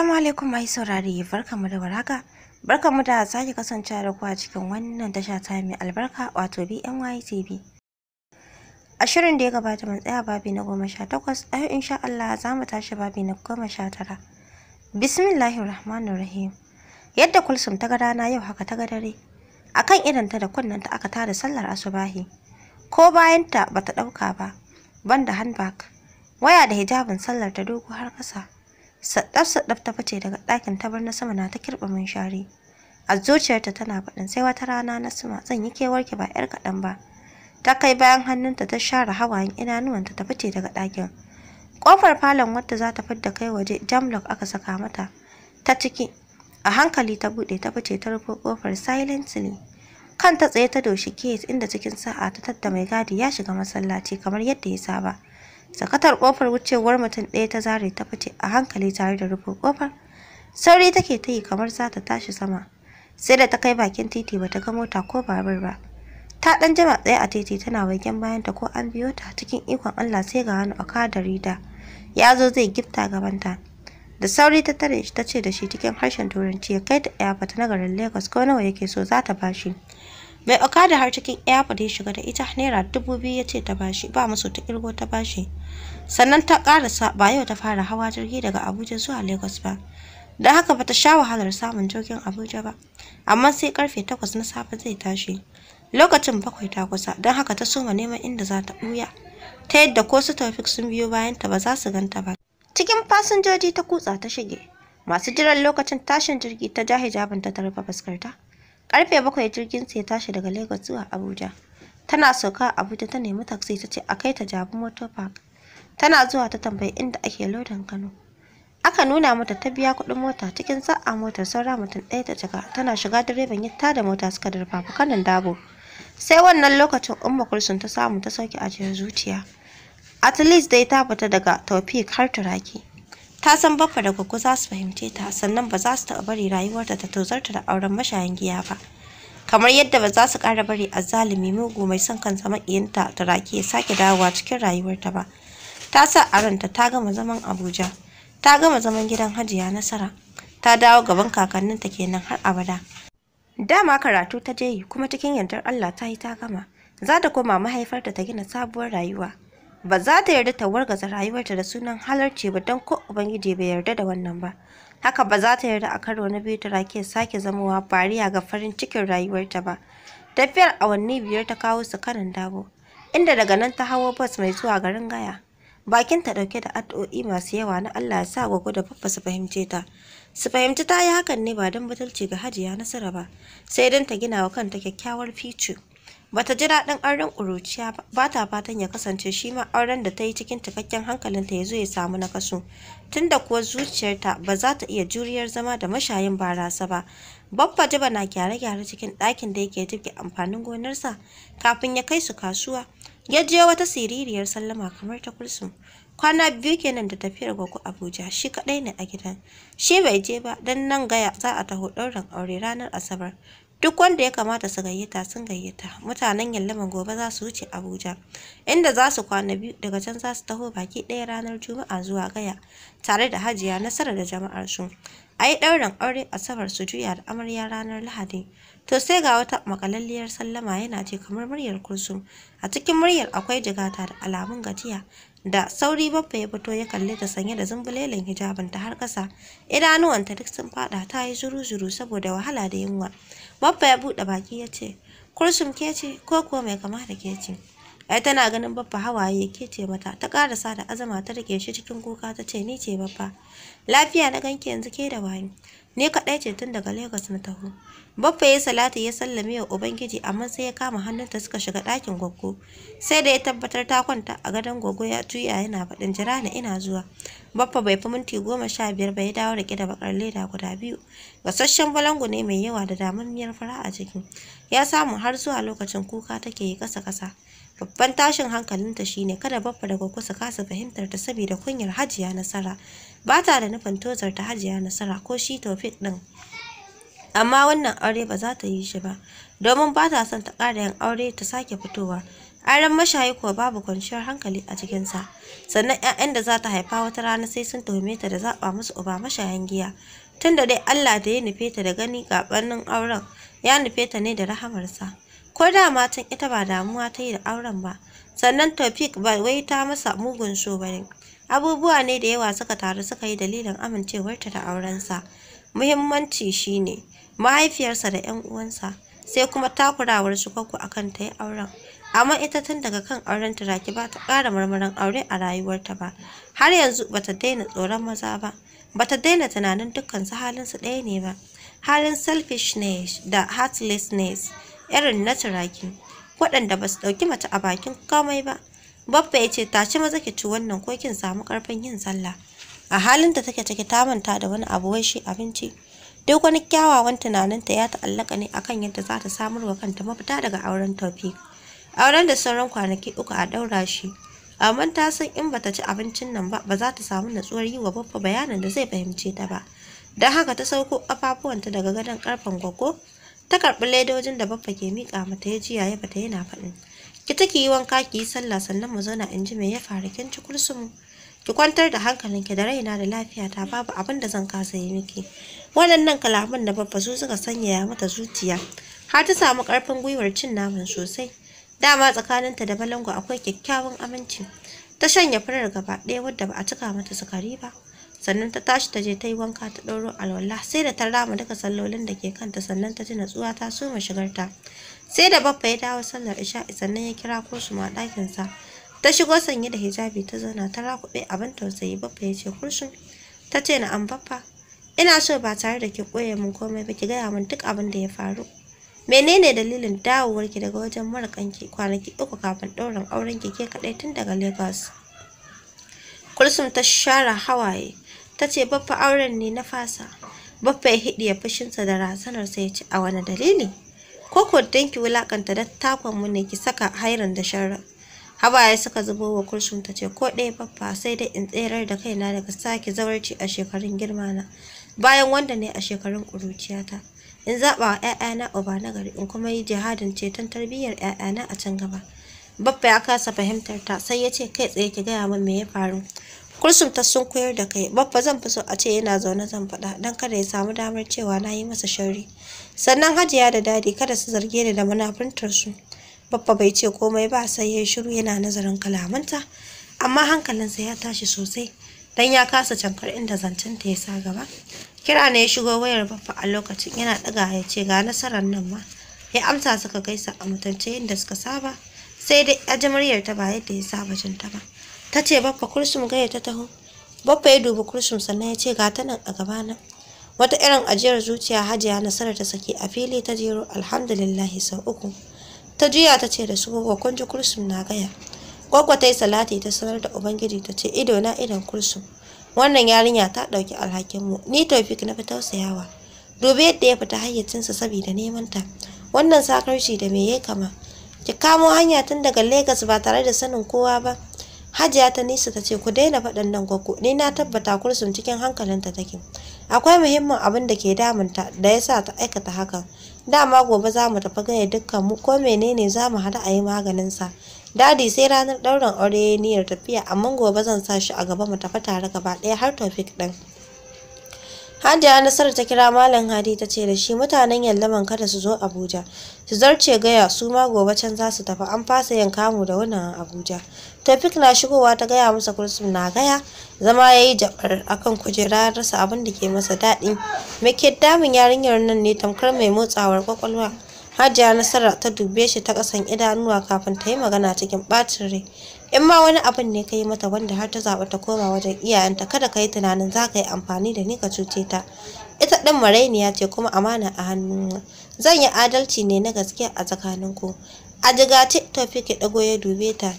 Assalamu alaikum mai saurari barkamu da barka Barkamu da sake kasancewa da ku a cikin wannan tasha ta mai albarka wato BNY TV. A shirin da ya gabata mun tsaya babi na goma sha a in insha Allah za mu tashi babi na goma sha tara. Bismillahir Rahmanir Rahim. Yadda Kulsum ta ga rana yau haka ta ga dare. Akan idanta da kunnanta aka tada sallar asubahi. Ko bayan ta bata ɗauka ba, banda handbag, waya da hijabin sallar ta dogo har kasa saɗaf-saɗaf ta fice daga ɗakin ta bar na sama na ta kirɓa min share a zuciyarta tana faɗin sai wata rana na sama zan yi kewarki ba 'yar kaɗan ba ta kai bayan hannunta ta share hawayen idanuwanta ta fice daga ɗakin ƙofar falon wadda za ta fidda kai waje jamlock aka saka mata ta ciki a hankali ta buɗe ta fice ta rufe ƙofar silently kan ta tsaye ta doshi gate inda cikin sa'a ta tadda mai gadi ya shiga masallaci kamar yadda ya saba sakatar kofar wucewar mutum ɗaya ta zare ta fice a hankali tare da rufe kofar sauri take ta yi kamar za ta tashi sama sai da ta kai bakin titi bata ga mota ko babur ba ta dan jima tsaye a titi tana waken bayan ta ko an biyo ta cikin ikon Allah sai ga hannu a da rida ya zo zai gifta gabanta da sauri ta tare shi ta ce da shi cikin harshen turanci ya kai ta airport na garin Lagos ko nawa yake so za ta bashi mai da har cikin airport ya shiga da ita naira dubu biyu ya ce ta bashi ba musu ta kirgo ta bashi sannan ta karasa ba yau ta fara hawa jirgi daga abuja zuwa lagos ba da haka bata sha wahalar samun jirgin abuja ba amma sai karfe takwas na safe zai tashi lokacin bakwai ta kusa don haka ta soma neman inda za ta ɓuya ta yadda ko su taufik sun biyo bayan ta ba za su ganta ba cikin fasinjoji ta kutsa ta shige masu jiran lokacin tashin jirgi ta ja hijabin ta rufe fuskarta Karfe bakwai jirgin ya tashi daga Lagos zuwa Abuja. Tana sauka a Abuja ta nemi taxi ta ce a kai ta Jabu Motor Park. Tana zuwa ta tambayi inda ake lodin Kano. Aka nuna mata ta biya kuɗin mota cikin sa'a motar saura mutum ɗaya ta cika tana shiga direban ya da mota suka durfafa kanin dabo. Sai wannan lokacin Umma Kulsun ta samu ta sauke ajiyar zuciya. At least dai ta fita daga Taufik har Turaki. ta san baffa da gwaggo za su fahimce ta sannan ba za su taɓa bari rayuwarta ta tozarta da auren mashayan giya ba kamar yadda ba za su ƙara bari a azzalumi mugu mai son kansa maƙiyinta ta rake ya sake dawowa cikin rayuwarta ba ta sa a ranta ta gama zaman abuja ta gama zaman gidan hajiya nasara ta dawo gaban kakanninta kenan har abada dama karatu ta je kuma cikin yardar allah ta yi ta gama za ta koma mahaifarta ta gina sabuwar rayuwa ba za ta yarda ta wargaza rayuwarta da sunan halarci ba don ko ubangiji bai yarda da wannan ba haka ba za ta yarda a karo na biyu ta rake sake zamowa bariya ga farin cikin rayuwarta ba tafiyar awanni biyar ta kawo su kanan dabo inda daga nan ta hawo bas mai zuwa garin gaya bakin ta dauke da addu'o'i masu yawa na Allah ya sa gogo da babba su fahimce ta su fahimci ta yi hakan ne ba don butulci ga hajiya nasara ba sai don ta gina wa kanta kyakkyawar ficu bata ji daɗin auren ƙuruciya ba ta fatan ya kasance shi ma auren da ta yi cikin cikakken hankalinta ya zo ya samu nakasu tunda kuwa zuciyarta ba za ta iya juriyar zama da mashayin barasa ba babba jiba na gyare-gyare cikin ɗakin da yake jibge amfanin gonarsa kafin ya kai su kasuwa ya je wata siririyar sallama kamar ta kulsu kwana biyu kenan da tafiyar gwaggo abuja shi kaɗai ne a gidan shi bai je ba don nan gaya za a taho ɗaurin aure ranar asabar duk wanda ya kamata su gayyata sun gayyata mutanen yallaman gobe za su wuce abuja inda za su kwana biyu daga can za su taho baki ɗaya ranar juma'a zuwa gaya tare da hajiya nasara da jama'ar su a yi ɗaurin aure a asabar su juya da amarya ranar lahadi to sai ga wata makalalliyar sallama yana ce kamar muryar kursu a cikin muryar akwai jigata da alamun gajiya da sauri babba ya fito ya kalli ta sanye da zumbulelen hijabinta har ƙasa idanuwanta duk sun faɗa, ta yi zuru-zuru saboda wahala da yunwa babba ya buɗe baki ya ce kursum ke ce ko kuwa mai kama da ke ce ai tana ganin baffa hawaye ke ce mata ta karasa da azama ta rike shi cikin kuka ta ce ni ce baffa lafiya na ganki yanzu ke da wani ni kaɗai ce tun daga lagos na taho baffa ya salatu ya sallame wa ubangiji amma sai ya kama hannunta suka shiga ɗakin gwaggo sai da ya tabbatar ta kwanta a gadon gwaggo ya tuya yana faɗin jira na ina zuwa baffa bai fi minti goma sha biyar ba ya dawo da da bakar leda guda biyu gasasshen balangu ne mai yawa da damammiyar fara a ciki ya samu har zuwa lokacin kuka take yi kasa kasa babban tashin hankalinta shine kada baffa da kusa, kasa fahimtar ta saboda kunyar hajiya nasara ba ta da nufin tozar ta hajiya nasara ko shi tofik din amma wannan aure ba za ta yi shi ba domin ba ta son ta ƙara yin aure ta sake fitowa Aren mashayi kuwa babu kwanciyar hankali a cikinsa, sannan 'ya'yan da za ta haifa wata rana sai sun tuhume ta da zaɓa musu uba mashayan giya. Tun da dai Allah da ya nufe ta da gani gabanin auren, ya nufe ta ne da rahamarsa. ko da matan ita ba damuwa ta yi da auren ba sannan Tofik ba wai ta masa mugun so bane abubuwa ne da yawa suka taru suka yi dalilin amincewarta da aurensa muhimmanci shine mahaifiyarsa da 'yan uwansa sai kuma takurawar su kwakwa akan ta yi auren amma ita tun daga kan auren raki ba ta ƙara marmarin aure a rayuwarta ba har yanzu bata daina tsoron maza ba bata daina tunanin dukkan su halin su ɗaya ne ba halin selfishness da heartlessness irin na turaki waɗanda ba su ɗauki mace a bakin komai ba babba ya ce tashi maza ki ci wannan ko kin samu karfin yin sallah a halin da take take ta manta da wani abu wai shi abinci duk wani kyawawan tunaninta ya ta'allaka ne akan yadda za ta samar wa kanta mafita daga auren Taufik auren da sauran kwanaki uku a ɗaura shi amma ta san in ba ta ci abincin nan ba ba za ta samu natsuwar yi wa babba bayanin da zai fahimce ta ba don haka ta sauko kafafuwanta daga gadon karfen gwaggo ta karɓi ledojin da babba ke miƙa mata ya jiya ya bata yana faɗin ki take yi wanka ki yi sallah sannan mu zauna in ji me ya faru kin ci kursumu ki kwantar da hankalinki da raina da lafiyata babu abin da zan kasa yi miki waɗannan kalaman da babba su suka sanyaya mata zuciya har ta samu ƙarfin gwiwar cin naman sosai dama tsakaninta da balango akwai kyakkyawan aminci ta shanya farar gaba ɗaya wadda ba a cika mata sukari ba sannan ta tashi ta je ta yi wanka ta ɗauro alwala sai da ta rama duka sallolin da ke kanta sannan ta ji natsuwa ta soma shigarta sai da baffa ya dawo sallar isha'i sannan ya kira ko su ma ɗakinsa ta shigo sanye da hijabi ta zauna ta rakuɓe abin tausayi baffa ya ce kursun ta ce na an baffa ina so ba tare da ki koya min komai ba ki gaya min duk abin da ya faru menene dalilin dawowarki daga wajen marakanki kwanaki uku kafin ɗaurin aurenki ke kaɗai tun daga lagos kulsum ta share hawaye ta ce baffa auren ne na fasa baffa ya ya fushinsa da sai ya ce a wani dalili ko ko ki wulakanta takon mu ne ki saka hairan da sharra ya saka zubo wa kursun ta ce ko ɗaya baffa sai dai in tserar da kaina daga sake zawarci a shekarun girma na, bayan wanda ne a shekarun ƙuruciyata in zaɓa wa 'ya'yana uba na gari in kuma yi jihadin ceton tarbiyyar 'ya'yana a can gaba baffa ya kasa fahimtar ta sai ya ce kai tsaye ki gaya min me ya faru kulsum ta sun koyar da kai babba zan fi so a ce yana zaune zan faɗa don kada ya samu damar cewa na yi masa sharri sannan hajiya da dadi kada su zarge ni da munafuntar su babba bai ce komai ba sai ya shiru yana nazarin kalamanta amma hankalinsa ya tashi sosai don ya kasa cankar inda zancenta ya sa gaba kira ne ya shigo wayar babba a lokacin yana ɗaga ya ce ga nasarar nan ma ya amsa suka gaisa a mutunce yadda suka saba sai dai ya ji ta ba yadda ya saba jin ta ba ta ce baffa kursum gaya ta taho baffa ya dubi kursum sannan ya ce ga ta nan a gaba nan?" wata irin ajiyar zuciya hajiya nasara ta saki a fili ta jero alhamdulillahi sau uku ta juya ta ce da su gwagwa kun ji kursum na gaya gwagwa ta yi salati ta sanar da ubangiji ta ce ido na idon kursum wannan yarinya ta ɗauki alhakinmu ni taufik na fi tausayawa dubi yadda ya fita hayyacinsa saboda neman ta wannan sakarci da me ya kama ki kamo hanya tun daga Legas ba tare da sanin kowa ba Hajiya ta nisa ta ce ku daina faɗin nan gwaggo ni na tabbata kursun cikin hankalinta take. Akwai muhimmin abin da ke damunta da ya sa ta aikata hakan. Dama gobe za mu tafi gaya dukkan mu ko menene za mu haɗu a yi maganin sa Dadi sai ranar ɗaurin aure ya niyyar tafiya amma gobe zan sa shi a gaba mu tafi tare gaba ɗaya har Taufik ɗin. hadiya Nasar ta kira Malam Hadi ta ce da shi mutanen Yallaman kada su zo Abuja. Su zarce gaya su ma gobe can za su tafi an fasa yin kamu da wannan Abuja. Tofik na shigowa ta gaya masa kursun na gaya zama ya yi jabar akan kujera rasa abin da ke masa daɗi. Me ke damun yarinyar nan ne tamkar mai motsawar kwakwalwa. Hajiya Nasara ta dube shi ta ƙasan idanuwa kafin ta yi magana cikin ɓacin rai. in ma wani abin ne ka yi mata wanda har ta zaɓa ta koma wajen iyayenta kada ka yi tunanin za ka yi amfani da ni ka cuce ta ita ɗin marainiya ce kuma amana a hannuna zan yi adalci ne na gaskiya a tsakaninku a jigace tofik ya ɗago ya dube ta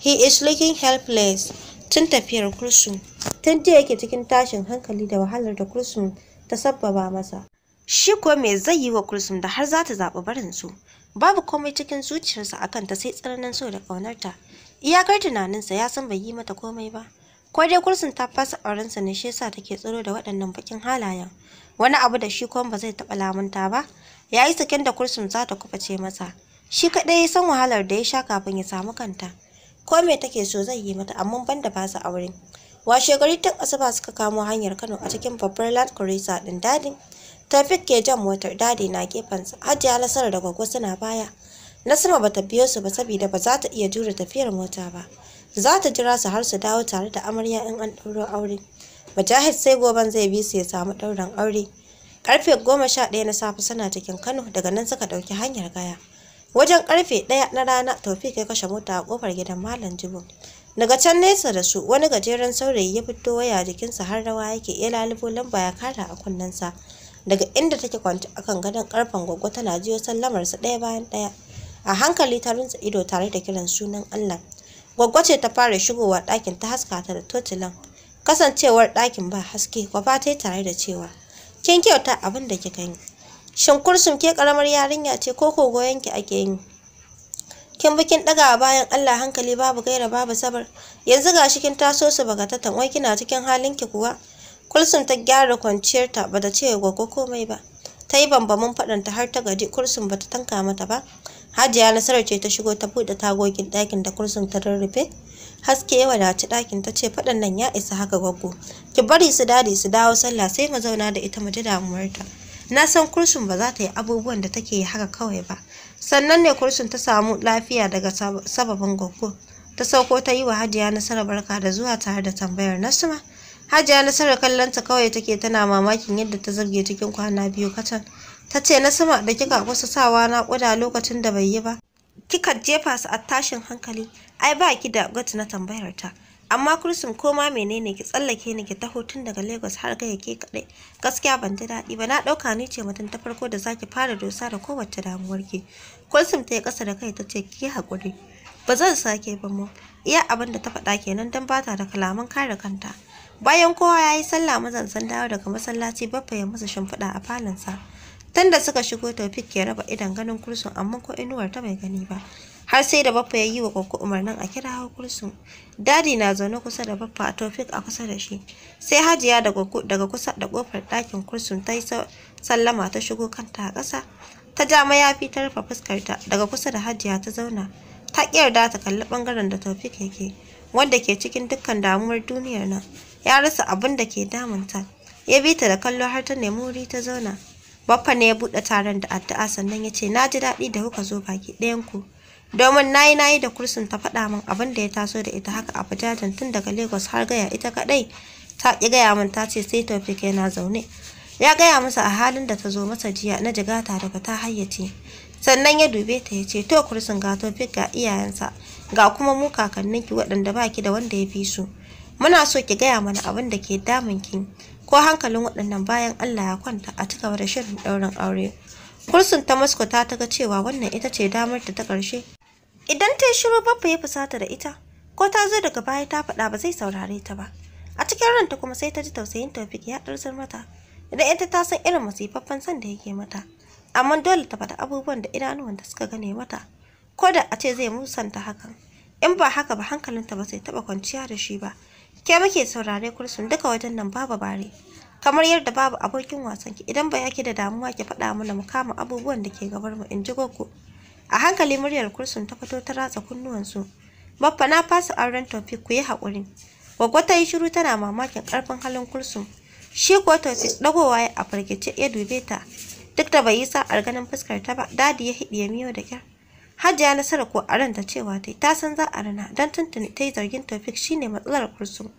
he is looking helpless tun tafiyar kursun tun jiya yake cikin tashin hankali da wahalar da kursun ta sabbaba masa shi ko me zai yi wa kursun da har za ta zaɓi barin su babu komai cikin zuciyarsa akan ta sai tsananin so da ƙaunarta iyakar tunaninsa ya san bai yi mata komai ba ko dai Kursin ta fasa aurensa ne shi yasa take tsoro da waɗannan bakin halayen wani abu da shi kuma ba zai taɓa lamunta ba ya yi sakin da Kursin za ta ce masa shi kaɗai ya san wahalar da ya sha kafin ya samu kanta ko me take so zai yi mata amma ban da ba su washe gari tun asuba suka kamo hanyar kano a cikin babbar land cruiser ɗin dadin Tafik ke jan motar dadi na gefensa hajiya lasar da gwaggo suna baya Nasima bata biyo su ba saboda ba za ta iya jure tafiyar mota ba. Za ta jira su har su dawo tare da amarya in an ɗauro aure. Mujahid sai goban zai bi su ya samu ɗaurin aure. Karfe goma sha ɗaya na safe suna cikin Kano daga nan suka ɗauki hanyar gaya. Wajen karfe ɗaya na rana Taufik ya kashe mota a ƙofar gidan Malam Jibo. Daga can nesa da su wani gajeren saurayi ya fito waya jikinsa har rawa yake iya lalubo lamba ya kara a kunnensa. Daga inda take kwanci akan gadon karfen goggo, tana jiyo sallamarsa ɗaya bayan ɗaya. a hankali ta runtse ido tare da kiran sunan Allah Goggo ce ta fara shigowa ɗakin ta haska ta da totilan kasancewar ɗakin ba haske kwafa ta tare da cewa kin kyauta abin da kika yi shin kursun ke karamar yarinya ce ko ko goyon ki ake yi kin bi kin daga bayan Allah hankali babu gaira babu sabar yanzu gashi kin taso su ta wai kina cikin halin ki kuwa Kursun ta gyara kwanciyar ta bata ce gogo komai ba ta yi bambamin faɗan ta har ta gaji kursun bata tanka mata ba Hajiya Nasarar ce ta shigo ta buɗe tagogin ɗakin da kursin ta rurrufe. Haske ya wadaci ɗakin ta ce faɗan nan ya isa haka gwaggo. Ki bari su dadi su dawo sallah sai mu zauna da ita mu ji damuwarta. Na san kursin ba za ta yi abubuwan da take yi haka kawai ba. Sannan ne kursin ta samu lafiya daga sababin gwaggo. Ta sauko ta yi wa Hajiya Nasarar barka da zuwa tare da tambayar Nasima. Hajiya Nasarar kallonta kawai take tana mamakin yadda ta zarge cikin kwana biyu kacal. ta ce na sama da kika kusa sawa na kuda lokacin da bai yi ba kika jefa su a tashin hankali ai ba ki da gwati na tambayar ta amma kursun koma menene ki tsallake ni ki taho tun daga Lagos har ga yake kaɗai gaskiya ban ji daɗi ba na ɗauka ni ce mutum ta farko da zaki fara dosa da kowace damuwar ki kursun ta yi ƙasa da kai ta ce ki haƙuri ba zan sake ba mu iya abin da ta faɗa kenan don bata da kalaman kare kanta bayan kowa ya yi sallah mazan san dawo daga masallaci bafa ya masa shimfiɗa a sa da suka shigo tofik ya raba idan ganin kursun amma ko inuwar ta bai gani ba. Har sai da Baffa ya yi wa Gwaggo umarnin a kira kirawo kursun. Dadi na zaune kusa da Baffa a tofik a kusa da shi. Sai Hajiya daga kusa da kofar ɗakin kursun ta yi sallama ta shigo kanta a ƙasa. Ta ja mayafi ta rufe fuskarta daga kusa da Hajiya ta zauna. Ta ƙi yarda ta kalli bangaren da tofik yake. Wanda ke cikin dukkan damuwar duniyar nan. Ya rasa abin da ke damunta. Ya bi ta da kallo har ta nemi wuri ta zauna. Baffa ne ya buɗe taron da addu'a sannan ya ce na ji daɗi da kuka zo baki ɗayan ku. Domin nayi nayi da kursun ta faɗa min abin da ya taso da ita haka a fajajen tun daga Lagos har gaya ita kaɗai. Ta ƙi gaya min ta ce sai tofik yana zaune. Ya gaya masa a halin da ta zo masa jiya na jigata daga ta hayyace. Sannan ya dube ta ya ce to kursun ga tofik ga iyayensa ga kuma mu kakanninki waɗanda baki da wanda ya fi su. Muna so ki gaya mana abin da ke damun ki. ko hankalin waɗannan bayan Allah ya kwanta a ci da shirin ɗaurin aure. Kursun ta Moscow ta taga cewa wannan ita ce damar ta ta ƙarshe. Idan ta yi shiru babba ya fusata da ita, ko ta zo daga baya ta faɗa ba zai saurare ta ba. A cikin ranta kuma sai ta ji tausayin Taufik ya ɗarsar mata, idan ita ta san irin masifaffen son da yake mata. Amma dole ta faɗa abubuwan da idanuwan da suka gane mata, ko da a ce zai musanta hakan. In ba haka ba hankalinta ba sai taɓa kwanciya da shi ba. ke muke saurare kursun duka wajen nan babu bare kamar yadda babu abokin wasan ki idan ba yake da damuwa ki faɗa mana mu kama abubuwan da ke gabar mu in ji goko a hankali muryar kursun ta fito ta ratsa kunnuwansu baffa na fasa auren tofi ku yi haƙuri Goggo ta yi shiru tana mamakin ƙarfin halin kursun shi kuwa tofi ɗagowa ya a ya dube ta duk da bai yi sa'ar ganin fuskar ta ba dadi ya hiɗiye miyo da kyar Hajiya Nasara ko a ranta cewa ta ta san za a rana don tuntuni ta zargin Taufik shine matsalar kursu.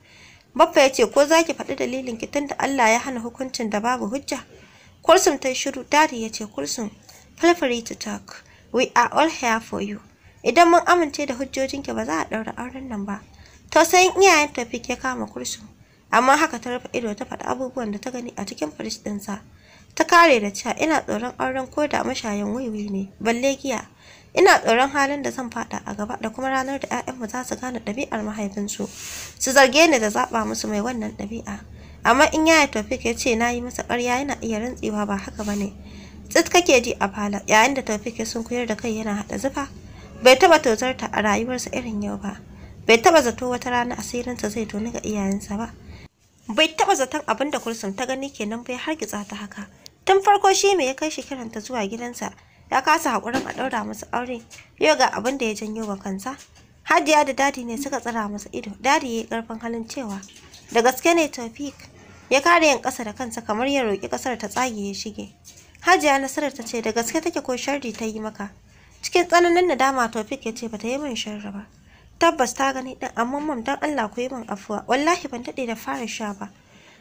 Baffa ya ce ko za ki faɗi dalilin ki da Allah ya hana hukuncin da babu hujja. Kulsum ta yi shiru Dari ya ce Kulsum feel free to talk we are all here for you. Idan mun amince da hujjojinki ba za a ɗaura auren nan ba. Tausayin iyayen tofik ya kama kursu amma haka ta rufe ido ta faɗi abubuwan da ta gani a cikin firij ɗinsa. Ta kare da cewa ina tsoron auren ko da mashayin wiwi ne balle giya. ina tsoron halin da zan fada a gaba da kuma ranar da 'ya'yanmu za su gane ɗabi'ar mahaifinsu su zarge ni da zaɓa musu mai wannan ɗabi'a amma in yaya tofik ya ce na yi masa ƙarya yana iya rantsewa ba haka ba ne tsit kake ji a fala yayin da tofik ya sunkuyar da kai yana haɗa zufa bai taɓa tozarta a rayuwarsa irin yau ba bai taɓa zato wata rana asirinsa zai toni ga iyayensa ba bai taɓa zaton abin da kursum ta gani kenan bai gitsa ta haka tun farko shi me ya kai shi kiranta zuwa gidansa ya kasa haƙurin a ɗaura masa aure yau ga abin da ya janyo ba kansa hajiya da dadi ne suka tsara masa ido dadi ya yi ƙarfin halin cewa da gaske ne tofik ya kare yan ƙasa da kansa kamar ya roƙi ƙasar ta tsage ya shige hajiya nasarar ta ce da gaske take ko sharri ta yi maka cikin tsananin nadama tofik ya ce bata yi min sharri ba tabbas ta gani ɗin amma mam don allah ku yi min afuwa wallahi ban daɗe da fara sha ba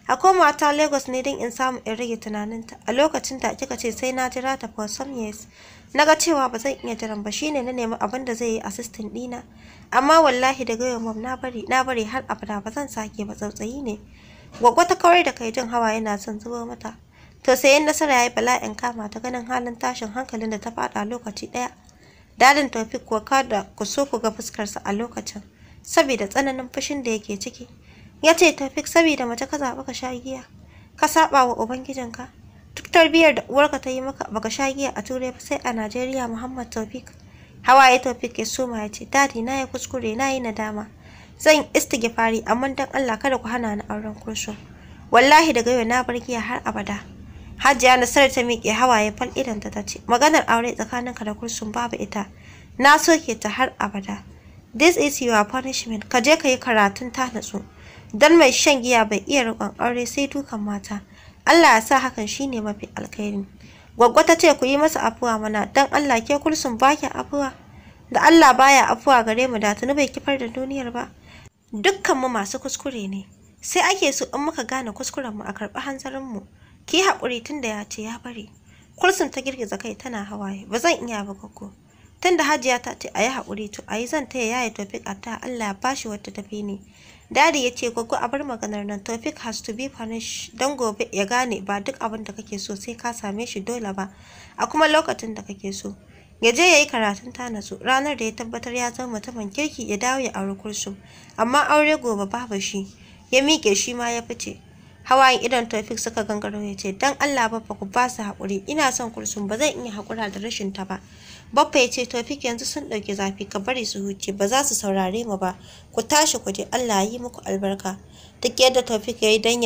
a mata ta lagos ne don in samu in rage tunaninta a lokacin da kika ce sai na jira ta for some years na ga cewa ba zan iya jiran ba shine na nemi abin da zai yi assistant dina amma wallahi daga yau mom na bari na bari har abada ba zan sake ba tsautsayi ne Gwaggwata ta kawar da kai jin hawa yana son zuba mata to sai in nasara ya yi bala'in kama ta ganin halin tashin hankalin da ta faɗa lokaci ɗaya dadin tofik ko kada ku so ku ga fuskarsa a lokacin saboda tsananin fushin da yake ciki ya ce tafik saboda mace ka zaɓa ka sha giya ka saɓa wa ubangijinka duk tarbiyyar da uwarka ta yi maka ka sha giya a turai ba sai a najeriya muhammad tafik hawaye tafik ya soma ya ce dadi na ya kuskure na yi nadama zan istighfari amma dan allah kada ku hana ni auren kurso wallahi daga yau na bar giya har abada hajiya nasarar ta miƙe hawaye fal idan ta ce maganar aure tsakaninka da kursun babu ita na soke ta har abada this is your punishment ka je ka yi karatun ta natsu Dan mai shan giya bai iya rikon aure sai dukan mata. Allah ya sa hakan shine mafi alkhairi. Gwaggwa ta ce ku yi masa afuwa mana dan Allah ke kulsun baki afuwa. Da Allah baya afuwa gare mu da tuni bai kifar da duniyar ba. Dukkan mu masu kuskure ne. Sai ake so in muka gane kuskuren mu a karbi hanzarin mu. Ki haƙuri tunda da ya ce ya bari. Kulsun ta girgiza kai tana hawaye. Ba zan iya ba ko. Tunda Hajiya ta ce a yi haƙuri to a yi zan taya yaya Tofik a ta Allah ya bashi wata tafi ne. Dadi ya ce gwaggo a bar maganar nan Tofik has to be punished don gobe ya gane ba duk abin da kake so sai ka same shi dole ba a kuma lokacin da kake so. Ya je ya yi karatun natsu ranar da ya tabbatar ya zama mutumin kirki ya dawo ya auri kursu amma aure gobe babu shi ya miƙe shi ma ya fice. hawayen idon tofik suka gangaro ya ce dan Allah baffa ku ba su haƙuri ina son kursun ba zan iya haƙura da rashin ta ba baffa ya ce tofik yanzu sun ɗauki zafi ka bari su huce ba za su saurare mu ba ku tashi ku je Allah ya yi muku albarka duk yadda tofik ya yi dan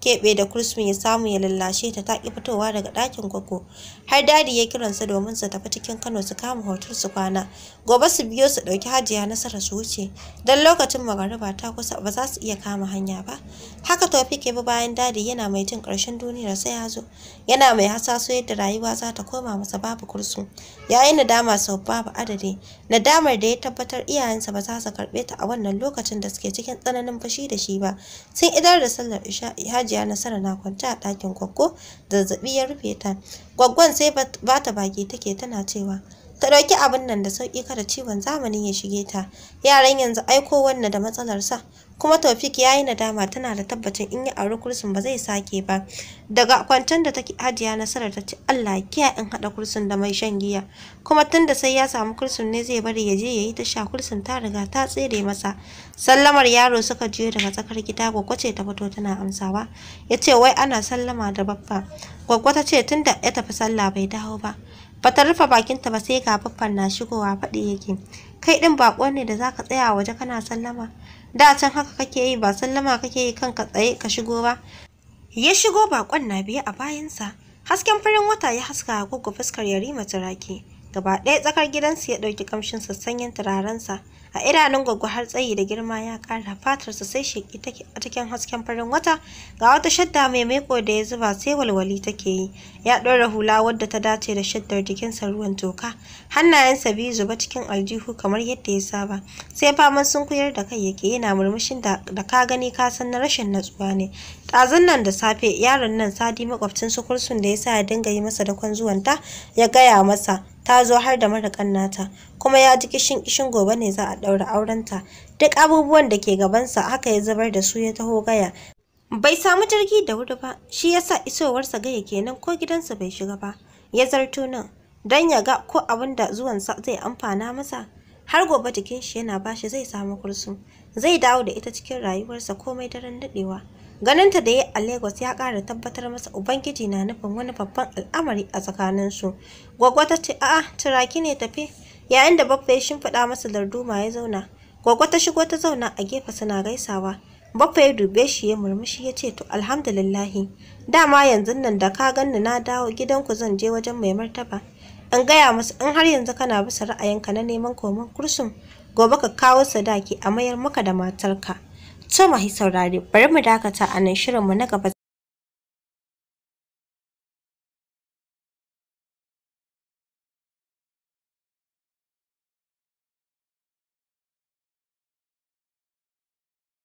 keɓe da kursmi ya samu ya lallashe ta ta ki fitowa daga ɗakin gwaggo. Har dadi ya kiransa domin su tafi cikin Kano su kama hotel su kwana. Gobe su biyo su ɗauki hajiya nasara su wuce. don lokacin magariba ta kusa ba za su iya kama hanya ba. Haka tofi ke bi bayan dadi yana mai jin ƙarshen duniyar sai ya zo. Yana mai hasaso yadda rayuwa za ta koma masa babu Kursun. yayin yi nadama sau babu adadi. Nadamar da ya tabbatar iyayensa ba za su karɓe ta a wannan lokacin da suke cikin tsananin fushi da shi ba. Sun idar da sallar isha'i hajiya nasara na kwance a ɗakin gwaggo zazzaɓi ya rufe ta gwaggon sai ba ta baki take tana cewa ta ɗauki abin nan da sauƙi kada ciwon zamani ya shige ta yaran yanzu aiko wannan da matsalarsa kuma Taufik ya yi nadama tana da tabbacin in yi auri kursun ba zai sake ba daga kwanton da take hajiya, nasarar ta ce Allah kiya in haɗa kursun da mai shan giya kuma tun da sai ya samu kursun ne zai bari ya je ya yi ta sha kursun ta riga ta tsere masa sallamar yaro suka je daga tsakar gida gwaggo ce ta fito tana amsawa Ya ce, wai ana sallama da babba. gwaggo ta ce tunda ya tafi sallah bai dawo ba Ba ta rufe bakinta ba sai ga babban na shigowa faɗi yake kai ɗin bako ne da zaka tsaya waje kana sallama da can haka kake yi ba sallama kake yi kanka tsaye ka shigo ba ya shigo bakon na biye a bayansa hasken farin wata ya haska a gugu fuskar yarima turaki gaba ɗaya tsakar gidansu ya ɗauki kamshin sanyin turarensa a idanun gwaggo har tsayi da girma ya ƙara fatarsa sai sheƙi take a cikin hasken farin wata ga wata shadda mai maiko da ya zuba sai walwali take yi ya ɗora hula wadda ta dace da shaddar jikinsa ruwan toka hannayensa biyu zuba cikin aljihu kamar yadda ya saba sai faman sun kuyar da kai yake yana murmushin da ka gani ka san na rashin natsuwa ne ɗazun nan da safe yaron nan sadi makwabcin sukursun da ya sa ya dinga yi masa dakon zuwanta ya gaya masa ta zo har da marakan nata kuma ya ji kishin kishin gobe ne za a ɗaura aurenta duk abubuwan da ke gabansa haka ya zubar da su ya taho gaya bai samu jirgi da wuri ba shi yasa isowarsa gaya kenan ko gidansa bai shiga ba ya zarto nan don ya ga ko abin da zuwansa zai amfana masa har gobe jikin shi yana bashi zai samu kursu zai dawo da ita cikin rayuwarsa komai daren daɗewa Ganinta da ya a Lagos ya ƙara tabbatar masa Ubangiji na nufin wani babban al'amari a tsakaninsu. Gwaggo ta ce, a'a, turaki ne tafi. Yayin da Baffa ya shimfiɗa masa darduma ya zauna. Gwaggo ta shigo ta zauna a gefe suna gaisawa. Baffa ya dube shi ya murmushi ya ce, to alhamdulillahi. Dama yanzu nan da ka ganni na dawo gidanku zan je wajen mai martaba. In gaya musu in har yanzu kana bisa ra'ayinka na neman koman kursun, gobe ka kawo sadaki a mayar maka da matarka. To mahi saurare, bari mu dakata a nan shirinmu na gaba.